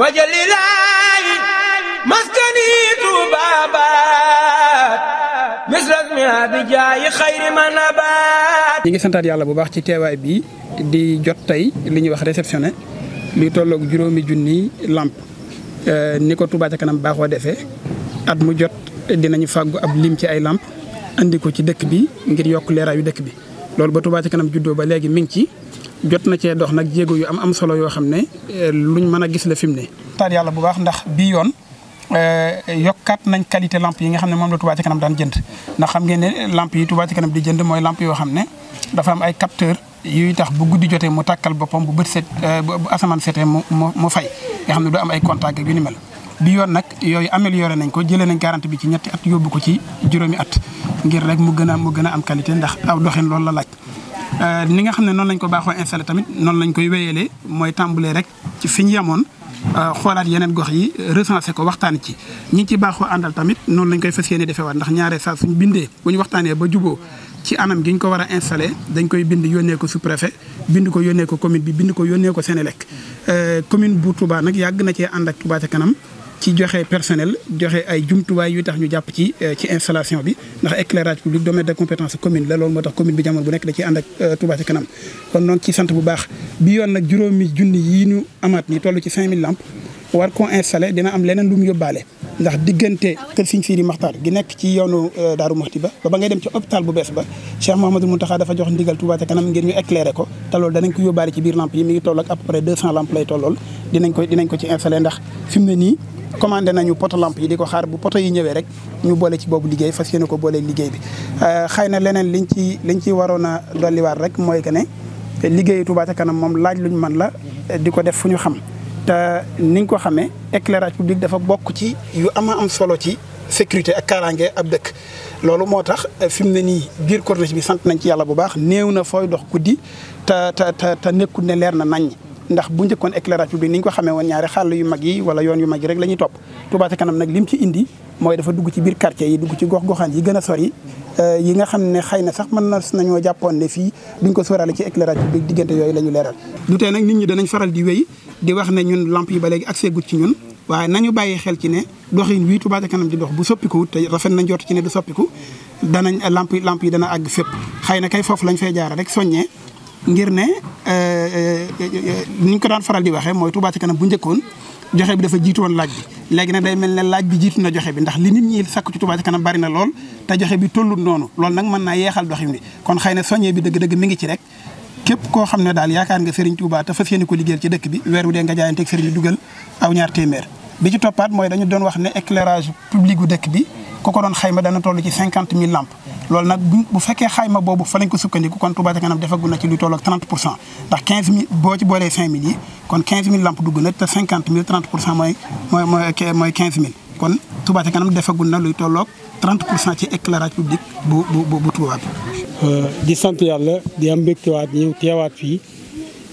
wajalilaayi maskani tubaabaat misrasmi abijaayi xayri ma nabaat ñi ngi santaat yàlla bu baax ci teewaay bi di jot tey li ñuy wax réceptionné luy tolloog juróomi junni lamp ni ko Touba ca kanam baaxoo defee at mu jot dinañu fàggu ab lim ci ay lamp andi ko ci dëkk bi ngir yokk leeraayu dëkk bi loolu ba Touba ca kanam juddoo ba léegi mi ngi ci jot na cee dox nag jéego yu am am solo yoo xam ne eh, luñ mën a gis la fi mu ne. taat yàlla bu baax ndax bii yoon eh, yokkaat nañ qualité lamp yi nga xam ne moom la Touba Ca Kanam daan jënd ndax ne lampe yi Touba Ca di jënd mooy lampe yoo xam ne dafa am ay capteur yuy tax bu guddi jotee mu tàkkal boppam bu bët set eh, bu asamaan setee mu mu fay nga xam ne du am ay contact yu ni mel. bi yoon nag yooyu amélioré nañ ko jëlee nañ garantie bi ci ñetti at yóbbu ko ci juróomi at ngir rek mu gën a mu gën a am qualité ndax aw doxin loolu la laaj. Euh, ni nga xam ne noonu lañ ko baaxoo installé tamit noonu lañ koy wéyalee mooy tàmbalee rek ci fi ñu yemoon euh, xoolaat yeneen gox yi recensé ko waxtaan ci ñi ci baaxoo àndal tamit noonu lañ koy fas yéene defewaat ndax ñaare saa suñ bindee bu ñu waxtaanee ba juboo ci anam gi ñu ko war a installé dañ koy bind yónnee ko sous-préfet bind ko yónnee ko commune bi bind ko yónnee ko Sénélec euh, commune bu Touba nag yàgg na cee ànd ak Touba ca kanam ci joxe personnel joxe ay jumtuwaay yu tax ñu jàpp ci euh, ci installation bi ndax éclairage public domaine de compétence commune la loolu moo tax commune bi jamono bu nekk da ciy ànd ak euh, kanam kon noon ci sant bu baax bi yoon nag juróomi junni yii ñu amaat ñi toll ci 5000 lampes war koo installé dina am leneen lu mu yóbbaale ndax diggante kër Sëriñ Sidi Maxtaar gi nekk ci yoonu euh, Daaru Muxti ba ba ngay dem ci hôpital bu bees ba Cheikh Mouhamadou Mountakha dafa jox ndigal Touba Ca Kanam ngir ñu éclairer ko te loolu danañ ko yóbbaale ci biir lamp yi mi ngi toll ak à peu près 200 lampes lay tollool dinañ ko dinañ ko ci installé ndax fi mu ne nii commandé nañu poto lamp yi di ko xaar bu poto yi ñëwee rek ñu boole ci boobu liggéey fas yéene ko boole liggéey bi euh, xëy na leneen liñ ci liñ ci waroon a dolliwaat rek mooy que ne liggéeyu Touba Ca Kanam moom laaj luñ mën la di ko def fu ñu xam te ni nga ko xamee éclairage public dafa bokk ci yu ama am solo ci sécurité ak kaaraange ab dëkk. loolu moo tax eh, fi mu ne nii biir corniche bi sant nañ ci yàlla bu baax new na fooy dox guddi te te te te nekkul ne leer na nañ ndax bu njëkkoon éclairage public ni ñu ko xamee woon ñaari xàll yu mag yi wala yoon yu mag yi rek la ñuy topp. Touba ca kanam nag lim ci indi mooy dafa dugg ci biir quartier yi dugg ci gox goxaan yi gën a sori. Euh, yi nga xam ne xëy na sax man na nañoo jàppoon ne fii duñ ko sóoraale ci éclairage public diggante yooyu la leeral. du tey nag nit ñi danañ faral di wéy di wax ne ñun lamp yi ba léegi accès gut ci ñun waaye nañu bàyyi xel ci ne doxin wii Touba ca kanam di dox bu soppiku te rafet nañ jot ci ne du danañ lamp yi lamp yi dana àgg fépp. xëy na kay foofu lañ fay jaara rek soññee ngir ne euh, euh, ni ñu ko daan faral di waxee mooy Touba kanam bu njëkkoon. joxe bi dafa jiitu laaj bi léegi nag day mel ne laaj bi jiitu na joxe bi ndax li nit ñi sakku ci Touba ca kanam bari na lool te joxe bi tollut noonu loolu nag mën naa yeexal doxin bi kon xëy na soññee bi dëgg-dëgg mi ngi ci rek képp koo xam ne daal yaakaar nga Serigne Touba te fas yéene ko liggéeyal ci dëkk bi weer ci toppaat mooy dañu doon wax ne éclairage public gu dëkk bi ku ko doon xayma dana toll ci cinquante mille lampes loolu nag bu fekkee xayma boobu fa lañ ko sukkandiku kon Touba kanam defagu ci lu toll ak pour cent ndax 15000 boo ci boolee 5000 yi kon 15000 kanam defagu luy toll 30 pour ci éclairage public bu bu bu Touba bi. Euh, di sant yàlla di am mbégtewaat ñëw teewaat fii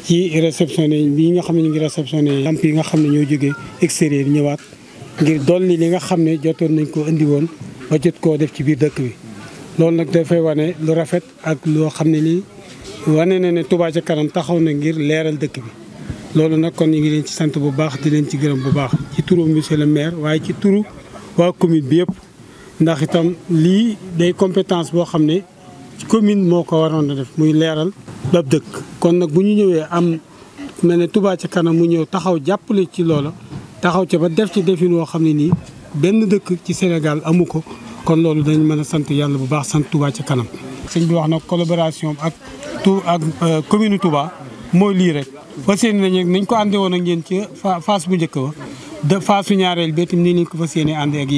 ci réceptionné bii nga xam ne ñu ngi lamp yi nga xam ne ñoo jógee extérieur ñëwaat ngir dolli li nga xam ne jotoon nañ ko indi woon ba jot koo def ci biir dëkk bi. loolu nag dafay wane lu rafet ak loo xam ne lii wane na ne Touba ca kanam taxaw na ngir leeral dëkk bi loolu nag kon ñu ngi leen ci sant bu baax di leen ci gërëm bu baax ci turu monsieur le maire waaye ci turu waa commune bi yëpp. ndax itam lii day compétence boo xam ne commune moo ko waroon a def muy leeral dab dëkk kon nag bu ñu ñëwee am mel ne tubaa ca kanam mu ñëw taxaw jàppale ci loola taxaw ca ba def ci defin woo xam ne nii benn dëkk ci Sénégal amu ko kon loolu dañ mën a sant yàlla bu baax sant Touba ca kanam sëñ bi wax na collaboration ak tou ak euh, commune Touba mooy lii rek fas yéene nañ nañ ko ànde a ngeen ci ci phase bu njëkk ba de phase su ñaareel bi itam nii ko fas yéene ànde ak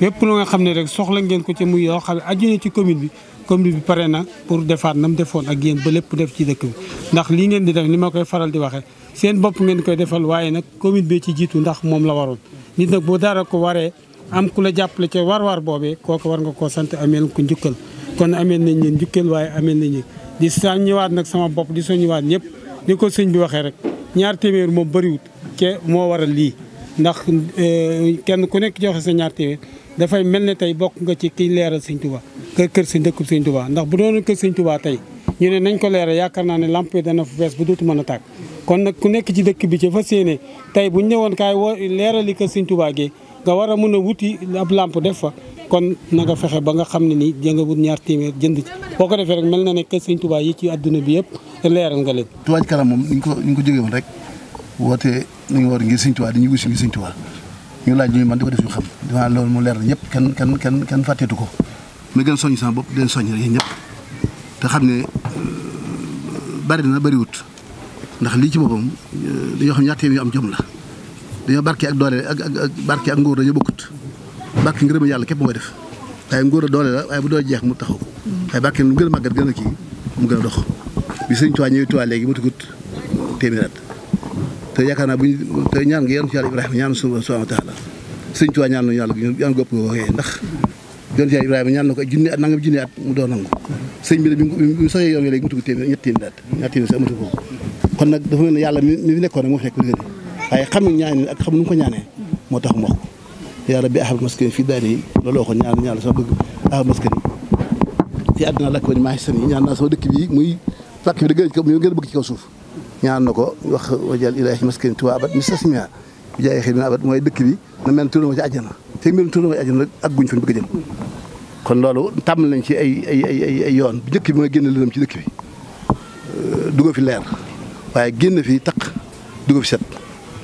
lépp lu nga xam ne rek soxla ngeen ko ci muy yoo xam ne aju na ci commune bi commune bi pare na pour defaat na mu defoon ak yéen ba lépp def ci dëkk bi ndax lii ngeen di def ni ma koy faral di waxee seen bopp ngeen koy defal waaye nag commune bi ci jiitu ndax moom la waroon nit nag boo dara ko waree am ku la jàppale ca war waar boobee kooku war nga koo sant ameel ko njukkal kon ameel nañ leen njukkal waaye ameel na leen di soññiwaat nag sama bopp di soññiwaat ñëpp ni ko sëñ bi waxee rek ñaar téeméer moom bëriwut ke moo waral lii ndax eh, kenn ku nekk joxe sa ñaar téeméer dafay mel ne tey bokk nga ci kiy leeral sëñ Tuubaa kër si dëkkub sëñ Tuubaa ndax bu doon kër sëñ Tuubaa tey ñu ne nañ ko leeral yaakaar naa ne lamp yi dana fu fees bu dootu mën a tàkk kon nag ku nekk ci dëkk bi ci fas yéene tey bu ñu ñëwoon kaay woo leerali kër sëñ Tuubaa gi nga war a mën a wuti ab làmp def fa kon na nga fexe ba nga xam ni nii jë ñaar téeméer jënd ci boo ko defee rek mel na ne kër sëñ Tuubaa yi ci àdduna bi yëpp leeral nga leen Touba Ca moom ñu ko ñu ko jógee rek woote nu ñu war ngir Sëñ Tuubaa di ñu wis ngir Sëñ Tuubaa ñu laaj ñu man di ko def ñu xam damaa loolu mu leer ñëpp kenn kenn kenn kenn fàtteetu ko. ma gën soññ bopp di leen soññ rek ñëpp te xam ne euh, bari na bariwut ndax lii ci boppam euh, dañoo xam ñaata yu am jom la dañoo barke ak doole ak ak barke ak nguur dañoo bokkut barke ngërëm yàlla képp mooy def waaye nguur a doole la waaye bu doole jeex mu taxaw waaye barke lu gën a màggat gën a kii mu gën a dox bi Sëñ Tuubaa ñëwee Tuubaa léegi mu tugut téeméeraat te yaakaar naa bu ñu te ñaan nga yan si yàlla Ibrahima ñaan suñu subhaanahu wa taala sëñ Tuubaa ñaan nañu yàlla ñaan gopp nga waxee ndax yoon si yàlla Ibrahima ñaan na ko junni mu doon nangu sëñ bi bi mu soxee yoon wi léegi mu tugg téeméer ñetti téeméer kon nag dafa mel ne yàlla mi fi nekkoon rek moo fi nekk xam ñaan ak xam nu ko ñaanee moo tax mu wax ko yàlla bi ahab maskin fii daari yi loolu waxoon ñaan ñaan sama bëgg ahab maskin fii àddina lakk wa ni maa ngi seen ñaan naa sama dëkk bii muy làkk bi da gën a bëgg ci kaw suuf ñaan na ko wax wajal ilaahi maskani tuwaa abat mi sasmiha bi jaay xëy na abat mooy dëkk bi na mel turóo ci na te mbirum turóo ci àjjana ak guñ fañ bëgg a jëm kon loolu tàmm nañ ci ay ay ay ay yoon njëkk bi mooy génn lëndëm ci dëkk euh, fi leer waaye génn fi taq dugg set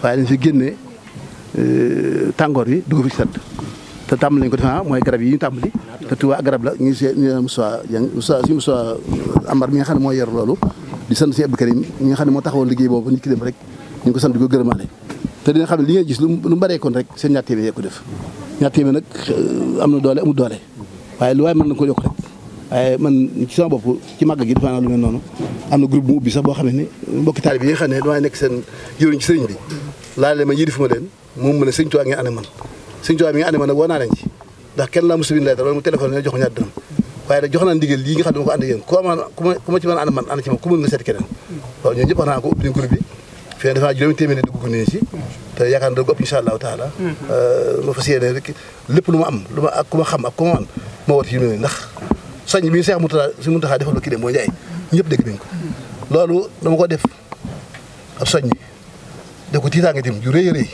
waaye dañ fi génne euh, tàngoor yi dugg fi set te tàmm lañ ko defee mooy garab yi ñu tàmbali te tuwaa garab la ñu see ñu Moussa Dieng Moussa si Moussa Amar mi nga xam ne mooy yor loolu di sant si Abdou Karim mi nga xam ne moo taxawal liggéey boobu nit ki dem rek ñu ngi ko sant di xam ne li ngay gis lu mu bareekoon rek seen ñaar téeméer euh, na doole amul doole waaye lu waaye na ko yokk rek waaye man ci sama gi dafa naa lu mel noonu am na groupe bu ubbi sax boo ne ni mbokki taalibe yi nga xam ne damay nekk seen ma yëri fu ma leen moom mu ne sëñ Tuubaa ngeen man nag woo naa leen ndax kenn laa mosu bind lay dara mu téléphone ne jox ñaar dërëm waaye nag jox naa ndigal lii nga xam ne ma ko ànd ak yéen ku ma ci a ànd man ànd te yaakaar na doo ëpp insha allahu taala ma fas lépp lu ma am lu ma ak ku xam ak ku ma man ma ci ndax soññ bi Seex Muntaxa si Muntaxa de mooy njaay ñëpp dégg nañ ko loolu dama da ko tiitaange tim ju rëy rëy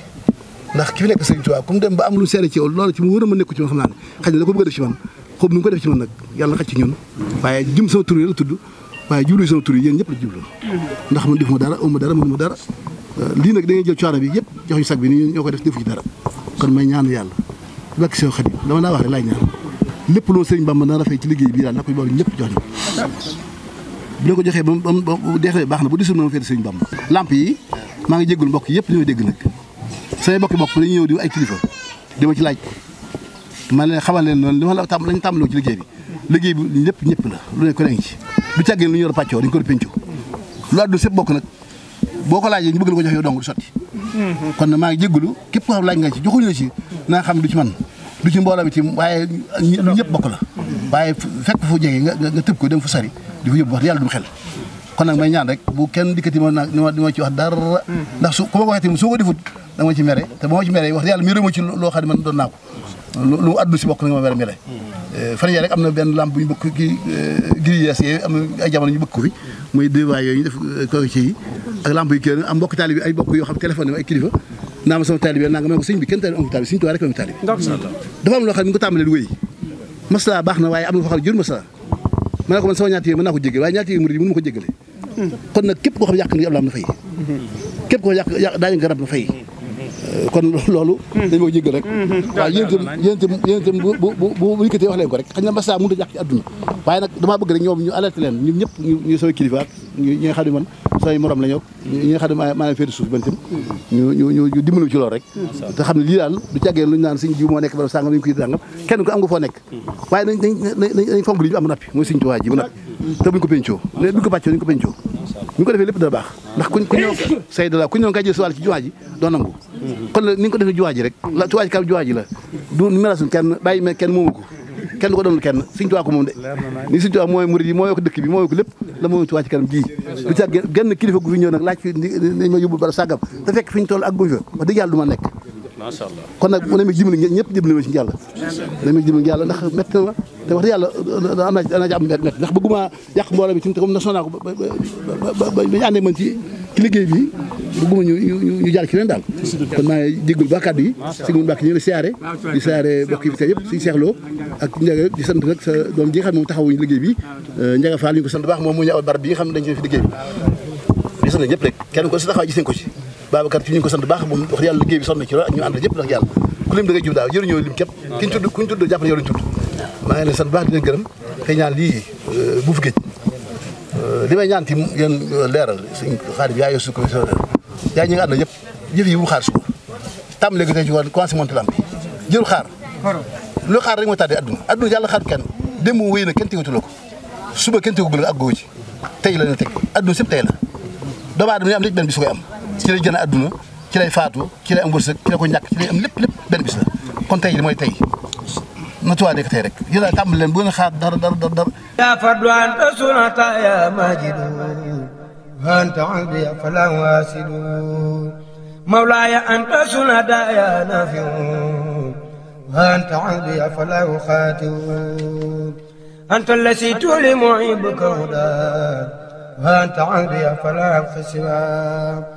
ndax ki fi nekk Sëriñ Tuubaa ku mu dem ba am lu seere ci yow loolu ci ma nekku ci ma xam naa ko bëgg def ci man xob nu mu ko def ci noonu nag yàlla na xaj ci ñun waaye jëm sama tur yi la tudd waaye jublu sama tur yi yéen ñëpp la jublu ndax man defuma dara uma dara mënuma dara euh, lii nag da ngay jël coono bi yëpp jox ñu bi ni ñoo ko def defu ci dara kon may ñaan yàlla bàkk seen dama naa wax rek laay ñaan lépp loolu sëriñ Bamba naa rafet ci liggéey bii daal na koy boole ñëpp jox ñu bu leen ko joxee ba mu deexee baax na bu disul ma fete sëriñ Bamba làmp yi maa ngi jéggul mbokk yëpp ñooy dégg nag samay mbokki bopp dañuy ñëw di ay kilifa dama ci laaj man leen xamal leen noonu li ma la tam lañ tàmbaloo ci liggéey bi lépp ñëpp la lu ne ko ne ngi ci du càggee lu ñu yor pàccoo dañu ko pénco lu addu sépp bokk nag boo ko laajee ñu bëgg la ko jox yow dong du sotti maa ngi jéggulu képp ko laaj nga ci joxuñu la ci naa xam du ci man du ci mbooloo mi tim waaye ñëpp bokk la waaye fekk fu jege nga tëb ko dem fu sari di fa yóbbu wax yàlla du mu xel kon nag may ñaan rek bu kenn dikkati ma nag ma ci wax dara mm-hmm. ndax su ku ma ko waxee tamit soo ko defut dama ci mere te ba ma ci mere wax yàlla loo xam ne man doon naa ko lu addu si bokk na nga ma weram mm. yele eh, fan yee rek am na benn lampe ñu bëgg kii eh, grillees yi am na ay jamono ñu bëgg ko fi muy déwaay yooyu ñu def ko eh, ci yi ak lampe yi kii am mbokk taalibe ay mbokk yoo xam téléphone ay kilifa naa ma sama taalibe naa nga ma ko sëñ bi kenn taalibe amul taalibe sëñ Tuubaa rek amul taalibe dafa am loo xam ne mi ngi wéy masala baax na waaye am na foo xam jur masala ma ne ko man sama ñaati yi naa ko jégal waaye ñaati yi murid yi mënu ma ko jégale mm. kon nag képp koo xam yàq na ab na fay mm-hmm. képp koo yàq daañu garab na kon loolu hmm. dañ ma jéggal rek hmm, hmm. waaw yéen itam bu bu bu bu wax leen ko rek xëy na a ñàkk ci àdduna waaye nag damaa bëgg rek ñoom ñu alerté leen ñun ñëpp ñu sooy xam ne man sooy ñu ñu ci loolu rek te xam ne lii daal du càggee lu ñu naan suñ jiw moo nekk barab sàngam ñu ko yit kenn ko am nga foo nekk waaye nañ nañ am nappi mooy suñ tuwaa ji bu nappi te buñ ko ko bàccoo dañ ko ñu ko defee lépp dana baax ndax ku ñëw say dala ku ñëw nga jël si wàll ci jumaa doo nangu kon nag ni nga ko defee juwaa ji rek la kam juwaa la du melasul kenn bàyyi kenn moomu ko kenn du ko doonul kenn Sëriñ Tuubaa moom de ni Sëriñ Tuubaa mooy murid yi mooy dëkk bi mooy ko lépp la mooy Tuubaa ci kanam ji du ca genn kilifa gu fi ñëw nag laaj fi nañ ma yóbbul bara sàggam te fekk fi ñu ak guñ fa wax dëgg yàlla ma nekk macha allah kon nag mu demee dimbali ñëpp dimbali ma ci yàlla. demee dimbali yàlla ndax métti na ma te wax dëgg yàlla am naa ci am naa ci am métti ndax bëgguma yàq mbooloo bi ci te comme na sonaa ba ba ba ba bi bëgguma ñu ñu ñu jaar ci leen daal. kon maa ngi jégalu ba kàddu yi. si mun bàkk ñu ngi di siyaare mbokk fi tey yëpp si seexloo ak Ndiaga di sant nag sa doom ji nga xam moom taxawuñu liggéey bi euh, Ndiaga Fall ñu ko sant baax moom mu ñëw barab bi nga xam ne dañ ci def liggéey bi di sant ñëpp rek kenn ko si taxawaay gis nañ ko ci Babacar ci ñu ngi ko sant baax moom wax yàlla liggéey bi sonn ci lool ak ñu ànd ñëpp ndax yàlla ku lim da jub daaw jëriñoo lim di euh, euh, li may ñaan ci yéen euh, leeral suñ xaar bi yaa yo su ko yaa ñi nga ànd ñëpp yi bu xaar su ko tàmm léegi tey ci woon commencé monté lamp bi jël xaar lu xaar rek mooy tàddee adduna adduna yàlla xaar kenn démb wéy na kenn tegatul ko suba kenn tegagul ak góor ci tey la ñu teg adduna sëpp tey la doomu aadama ñu am nit benn bi su koy am ci lay gën a adduna ci lay faatu ci lay am wërsëg ci lay ko ñàkk ci lay am lépp lépp benn bis la kon tey mooy tey natuwaa nekk tey rek yéen a tàmbali leen bu ngeen xaar dara dara dara dara yaa fadlan sunata ya majidu anta abdi falan wasidu mawlaaya anta sunata ya nafiu anta abdi falan xaatiu anta lasi tuli muibuka huda anta abdi falan xisiwaa